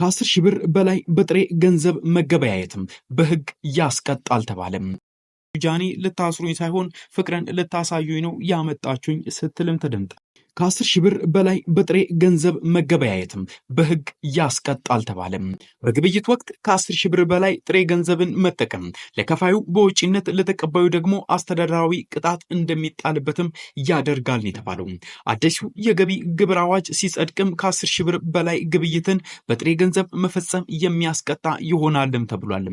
ከ10 ሺህ ብር በላይ በጥሬ ገንዘብ መገበያየትም በህግ ያስቀጣል ተባለም። ጃኒ ልታስሩኝ ሳይሆን ፍቅርን ልታሳዩኝ ነው ያመጣችሁኝ ስትልም ተደምጣ ከ10 ሺህ ብር በላይ በጥሬ ገንዘብ መገበያየትም በህግ ያስቀጣል ተባለም። በግብይት ወቅት ከ10 ሺህ ብር በላይ ጥሬ ገንዘብን መጠቀም ለከፋዩ በውጪነት ለተቀባዩ ደግሞ አስተዳደራዊ ቅጣት እንደሚጣልበትም ያደርጋል የተባለው አዲሱ የገቢ ግብር አዋጅ ሲጸድቅም ከ10 ሺህ ብር በላይ ግብይትን በጥሬ ገንዘብ መፈጸም የሚያስቀጣ ይሆናልም ተብሏል።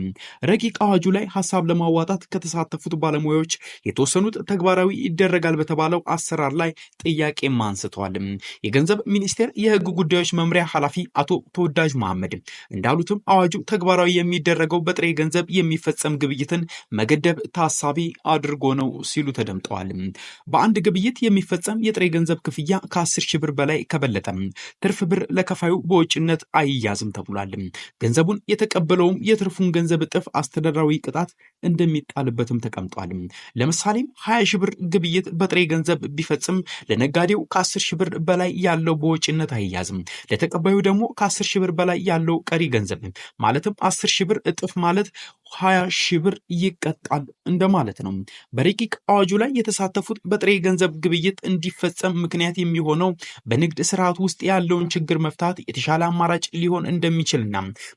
ረቂቅ አዋጁ ላይ ሀሳብ ለማዋጣት ከተሳተፉት ባለሙያዎች የተወሰኑት ተግባራዊ ይደረጋል በተባለው አሰራር ላይ ጥያቄ ማ አንስተዋል። የገንዘብ ሚኒስቴር የህግ ጉዳዮች መምሪያ ኃላፊ አቶ ተወዳጅ መሐመድ እንዳሉትም አዋጁ ተግባራዊ የሚደረገው በጥሬ ገንዘብ የሚፈጸም ግብይትን መገደብ ታሳቢ አድርጎ ነው ሲሉ ተደምጠዋል። በአንድ ግብይት የሚፈጸም የጥሬ ገንዘብ ክፍያ ከ10 ሺህ ብር በላይ ከበለጠ ትርፍ ብር ለከፋዩ በውጭነት አይያዝም ተብሏል። ገንዘቡን የተቀበለውም የትርፉን ገንዘብ እጥፍ አስተዳደራዊ ቅጣት እንደሚጣልበትም ተቀምጧል። ለምሳሌም 20 ሺህ ብር ግብይት በጥሬ ገንዘብ ቢፈጽም ለነጋዴው ከአስር ሺህ ብር በላይ ያለው በወጪነት አይያዝም። ለተቀባዩ ደግሞ ከአስር ሺህ ብር በላይ ያለው ቀሪ ገንዘብ ማለትም አስር ሺህ ብር እጥፍ ማለት 20 ሺህ ብር ይቀጣል እንደማለት ነው። በረቂቅ አዋጁ ላይ የተሳተፉት በጥሬ ገንዘብ ግብይት እንዲፈጸም ምክንያት የሚሆነው በንግድ ስርዓት ውስጥ ያለውን ችግር መፍታት የተሻለ አማራጭ ሊሆን እንደሚችልና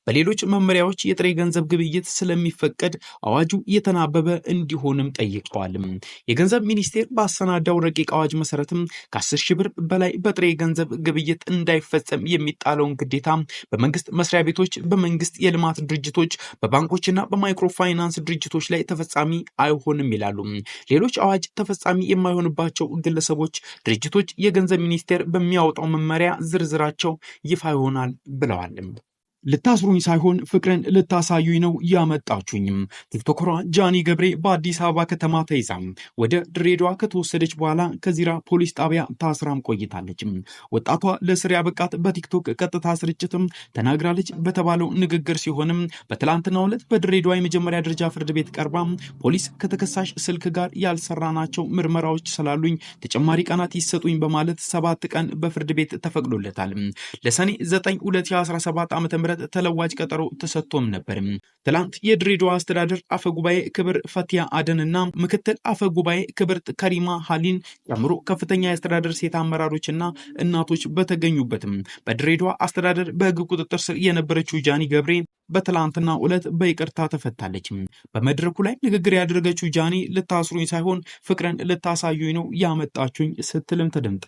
በሌሎች መመሪያዎች የጥሬ ገንዘብ ግብይት ስለሚፈቀድ አዋጁ የተናበበ እንዲሆንም ጠይቀዋል። የገንዘብ ሚኒስቴር ባሰናዳው ረቂቅ አዋጅ መሰረትም ከ10 ሺህ ብር በላይ በጥሬ ገንዘብ ግብይት እንዳይፈጸም የሚጣለውን ግዴታ በመንግስት መስሪያ ቤቶች፣ በመንግስት የልማት ድርጅቶች፣ በባንኮችና በማ ማይክሮፋይናንስ ድርጅቶች ላይ ተፈጻሚ አይሆንም ይላሉ። ሌሎች አዋጅ ተፈጻሚ የማይሆንባቸው ግለሰቦች፣ ድርጅቶች የገንዘብ ሚኒስቴር በሚያወጣው መመሪያ ዝርዝራቸው ይፋ ይሆናል ብለዋል። ልታስሩኝ ሳይሆን ፍቅርን ልታሳዩኝ ነው ያመጣችሁኝም። ቲክቶከሯ ጃኒ ገብሬ በአዲስ አበባ ከተማ ተይዛ ወደ ድሬዳዋ ከተወሰደች በኋላ ከዚራ ፖሊስ ጣቢያ ታስራም ቆይታለች። ወጣቷ ለስር ያበቃት በቲክቶክ ቀጥታ ስርጭትም ተናግራለች በተባለው ንግግር ሲሆንም በትላንትናው ዕለት በድሬዳዋ የመጀመሪያ ደረጃ ፍርድ ቤት ቀርባ ፖሊስ ከተከሳሽ ስልክ ጋር ያልሰራናቸው ምርመራዎች ስላሉኝ ተጨማሪ ቀናት ይሰጡኝ በማለት ሰባት ቀን በፍርድ ቤት ተፈቅዶለታል። ለሰኔ 9 2017 ዓ.ም ለመስጠት ተለዋጭ ቀጠሮ ተሰጥቶም ነበር። ትላንት የድሬዳዋ አስተዳደር አፈ ጉባኤ ክብር ፈቲያ አደን እና ምክትል አፈ ጉባኤ ክብርት ከሪማ ሀሊን ጨምሮ ከፍተኛ የአስተዳደር ሴት አመራሮችና እናቶች በተገኙበትም በድሬዳዋ አስተዳደር በህግ ቁጥጥር ስር የነበረችው ጃኒ ገብሬ በትላንትና ዕለት በይቅርታ ተፈታለች። በመድረኩ ላይ ንግግር ያደረገችው ጃኒ ልታስሩኝ ሳይሆን ፍቅርን ልታሳዩኝ ነው ያመጣችሁኝ ስትልም ተደምጣ